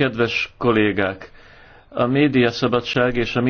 Kedves kollégák! A médiaszabadság és a média